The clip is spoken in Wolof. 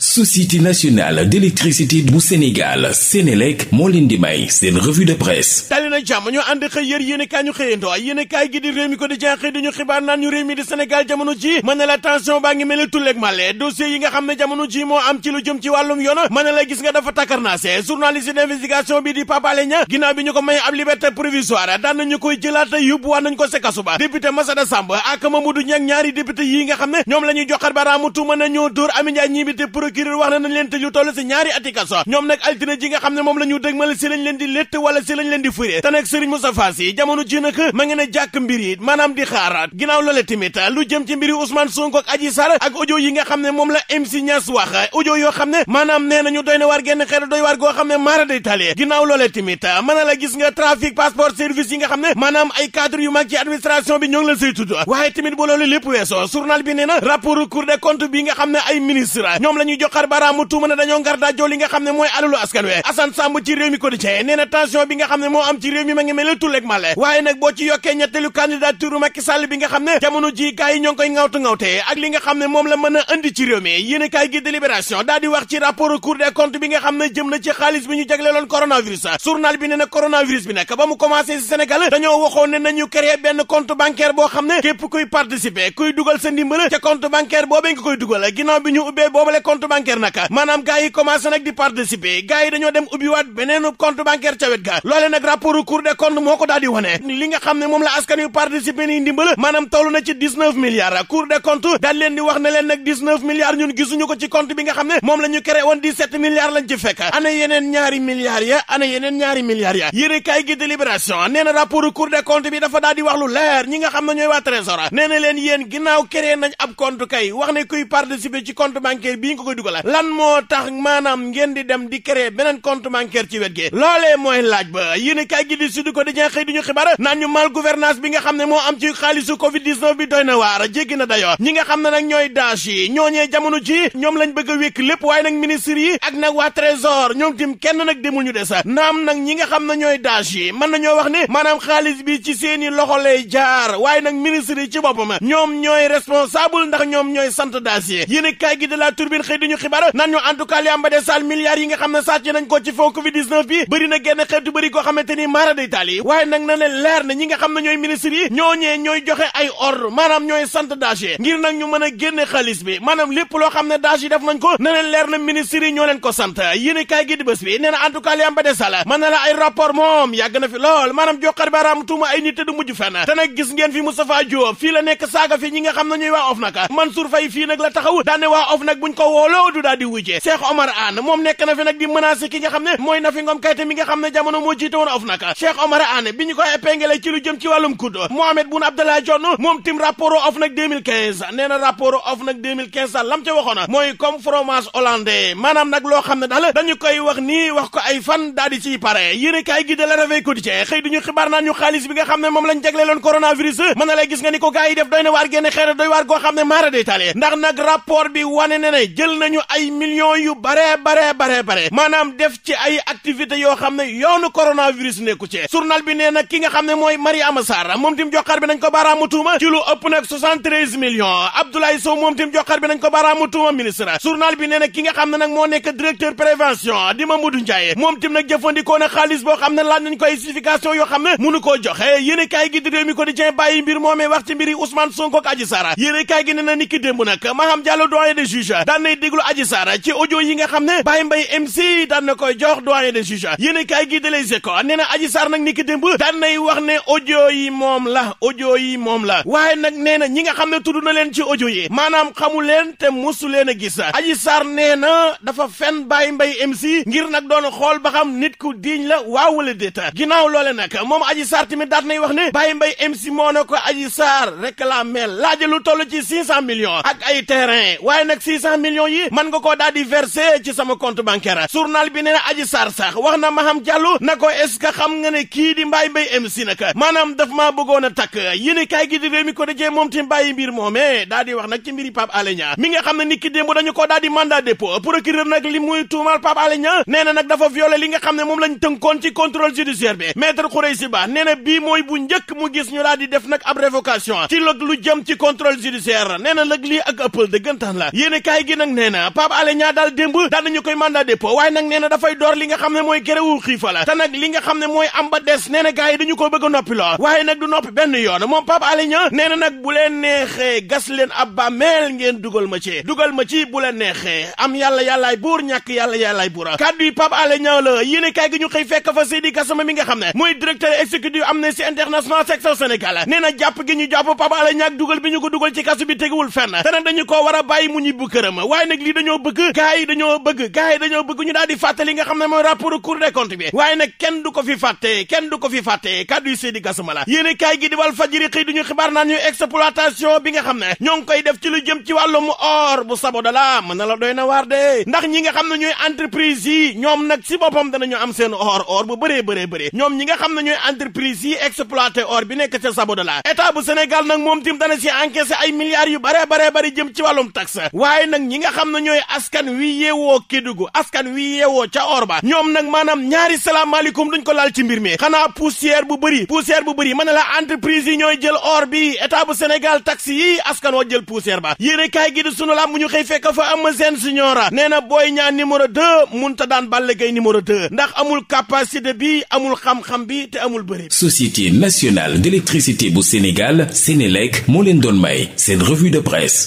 société nationale d'électricité bu Sénégal Sénélec moo leen di may seen revue de presse tali na jàmm ñoo ànd xëy yër yéen i kaay ñu xëyandoo yéen i kaay gi di réew mi ko di jenxëy di ñu xibaar naan ñu réew mi di Sénégal jamono ji mën na la tension baa ngi mel ni tulleeg male dossier yi nga xam ne jamono ji moo am ci lu jëm ci wàllum yoon mën na la gis nga dafa takkarnaase journaliste d'investigation bi di Pape Alé Niang bi ñu ko may ab liberté procureur wax ne leen tëj lu si ñaari ati kaso ñoom nag altine ji nga xam ne moom la ñu dëgmal si lañ leen di létt wala si lañ leen di fure te nag Serigne Moustapha Sy jamono ji nag ma ngi jàkk mbir yi maanaam di xaaraat ginnaaw loolee tamit lu jëm ci mbiri Ousmane Sonko ak Adji Sarr ak audio yi nga xam ne moom la MC Niass wax audio yoo xam ne maanaam nee nañu doy na waar genn xeetu doy waar goo xam ne maara day tali ginnaaw loolee tamit mën ñuy joxar tuuma ne dañoo ngar nga xam ne mooy alalu askan wi Assane Samb ci réew mi quotidien nee na tension bi nga xam ne moo am ci ma ngi mel tulleeg male waaye nag boo ci yokkee ñetteelu candidature Macky Sall bi nga xam ne jamono ji gaa ñoo ngi koy ngawtu ngawtee nga xam ne moom la mën a indi ci gi délibération daal di wax ci rapport bi nga xam ne jëm na ci xaalis bi ñu jagleeloon coronavirus journal bi ba mu commencé ci Sénégal dañoo waxoon ne nañu créer benn compte bancaire bancaire nag maanaam gars yi commencé nag di participer gars dañoo dem ubbiwaat beneenu compte bancaire ca wet ga loole nag rapport Cour des comptes moo ko daal wane li nga xam ne moom la askan yu participer ni ndimbal maanaam toll na ci 19 milliards Cour des comptes daal leen di wax ne leen nag 19 milliards ñun gisuñu ko ci compte bi nga xam ne moom la ñu créé woon 17 milliards lañ ci fekk ana yeneen ñaari milliards ya ana yeneen ñaari milliards ya yéene dugalaat lan moo tax maanaam ngeen di dem di créer beneen compte bancaire ci wet gi loolee mooy laaj ba yéen a kaay gi di Sud Quotidien xëy naan ñu mal gouvernance bi nga xam ne moo am ci xaalisu covid 19 bi doy na waar jéggi na dayoo ñi nga xam ne nag ñooy daas yi ñooñee jamono ci ñoom lañ bëgg a wékk lépp waaye nag ministre yi ak nag waa trésor ñoom tim kenn nag demul ñu des naam nag ñi nga xam ne ñooy daas yi mën nañoo wax ne maanaam xaalis bi ci seeni loxo lay jaar waaye nag ministre yi ci boppam ñoom ñooy responsable ndax ñoom ñooy sant daas yi yéen a kaay gi de xëy di ñu xibaar nan ñu en am ba des sal milliards nga xam ne sàcc nañ ko ci fond covid 19 bi bëri na xeetu bëri koo xamante ni maara day taal waaye nag na leer na ñi nga xam ne ñooy ministres yi ñooñee ñooy joxe ay ordre maanaam ñooy sant daje ngir nag ñu mën a génne xaalis bi maanaam lépp loo xam ne daje yi def nañ ko na leer na ministres ñoo leen ko sant yéen kaay gi di bi nee na am ba des sal mën ay rapport moom yàgg na fi lool maanaam mbooloo du daal di wujjee Cheikh Omar Anne moom nekk na fi nag di menacé ki nga xam ne mooy Nafi Ngom Keïta mi nga xam ne jamono moo jiite woon OFNAC Cheikh Omar Anne bi ñu koy épinglé ci lu jëm ci wàllum kudd Mohamed Boun Abdallah Dionne moom tim rapport OFNAC 2015 nee na rapport OFNAC 2015 sa lam ca waxoon mooy comme fromage hollandais maanaam nag loo xam ne daal dañu koy wax nii wax ko ay fan daal ciy pare yéen kaay gi de la réveil quotidien xëy duñu ñu xaalis bi jël nañu ay millions yu baree baree baree bare maanaam def ci ay activités yoo xam ne yoonu coronavirus nekku ci journal bi nee na ki nga xam ne mooy Mariama Sarr moom tim joxaar bi nañ ko baaraamu tuuma ci lu ëpp nag 73 millions Abdoulaye moom tim joxaar bi nañ ko baaraamu tuuma ministre journal bi nee na ki xam ne nag moo nekk directeur prévention di Mamadou Ndiaye moom tim nag jëfandikoo na xaalis boo xam ne laaj nañ ko ay justification xam ne déglu Adji Sarr ci audio yi nga xam ne Baye yi moom la audio yi moom la na ñi nga xam ne tudd na leen ci audio yi maanaam xamu leen te musu leen a gis Adji Sarr nee na dafa fen Baye Mbaye MC ngir nag doon xool ba xam nit ku diiñ la waaw wala déet ginnaaw loole nag moom Adji Sarr tamit daan nay wax ne Baye Mbaye MC moo na ko Adji Sarr réclamé laaja lu toll ci 600 millions ak ay terrain waaye nag 600 millions yi yi mën nga koo daal di verser ci sama compte bancaire journal bi nee na Adji wax na Maham Diallo na ko est xam nga ne kii di Mbaye Mbaye MC nag maanaam daf maa bëggoon a takk yéen kaay gi di réew mi ko dajee moom tim bàyyi mbir moomee daal di wax nag ci mbiri Pape Alé Niang mi nga xam ne ni ki démb dañu koo daal di mandat dépôt procureur nag li muy tuumal Pape Alé Niang nee nag dafa violé li nga xam ne moom lañ tënkoon ci contrôle judiciaire bi maître Khoureyssi Ba nee na bii mooy mu gis ñu daal di def nag ab révocation ci lëg lu jëm ci contrôle judiciaire nee na nag lii ak ëppal nee na Pape Alé Niang daal démb daan nañu koy mandat dépôt waaye nag nee dafay door li xam ne mooy gréwu xiifa la te xam ne mooy am ba des nee na gars yi dañu ko noppi loo waaye nag du noppi benn yoon moom Pape Alé Niang nee nag bu neexee gas leen ab ngeen dugal ma ci dugal ma ci bu leen neexee am yàlla yàllaay buur ñàkk yàlla yàllaay buura kàddu yi Pape Alé Niang la yéene kaay gi ñu xëy fekk fa Seydi Gassama mi nga xam ne mooy directeur exécutif Amnesty International section Sénégal ko dugal ci kasu bi teguwul fenn te nag lii dañoo bëgg gars yi dañoo bëgg gars ñu daal di fàtte li nga xam ne mooy rapport Cour des comptes bi waaye nag kenn du ko fi fàtte kenn du ko fi fàtte kàddu yi Seydi Gassama la yéen kaay gi di Walf Fadjri xëy duñu xibaar naan ñu exploitation bi nga xam ne ñoo ngi koy def ci la jëm ci wàllum or bu Sabodala mën na la doy na waar de ndax ñi nga xam na ñooy entreprise yi ñoom nag si boppam danañu am seen or or bu bëree bëree bëree ñoom ñi nga xam ne ñooy entreprise yi exploité or bi nekk ca la état bu Sénégal nag moom tim dana si encaissé ay milliards yu bare bare bari jëm ci wàllum taxe waaye xam ne ñooy askan wi yeewoo Kédougou askan wi yeewoo ca Orba ñoom nag maanaam ñaari salaamaaleykum duñ ko laal ci mbir mi xanaa poussière bu bëri poussière bu bëri ma na la entreprise yi ñooy jël or bi état bu Sénégal taxi yi askan wa jël poussière ba yéene kaay gi di sunu la mu ñu xëy fekk fa am seen signora nee na Boy Niang numéro 2 munta daan le gay numéro 2 ndax amul capacité bi amul xam-xam bi te amul bëri. Société nationale d'électricité bu Sénégal Sénélec moo leen doon may seen revue de presse.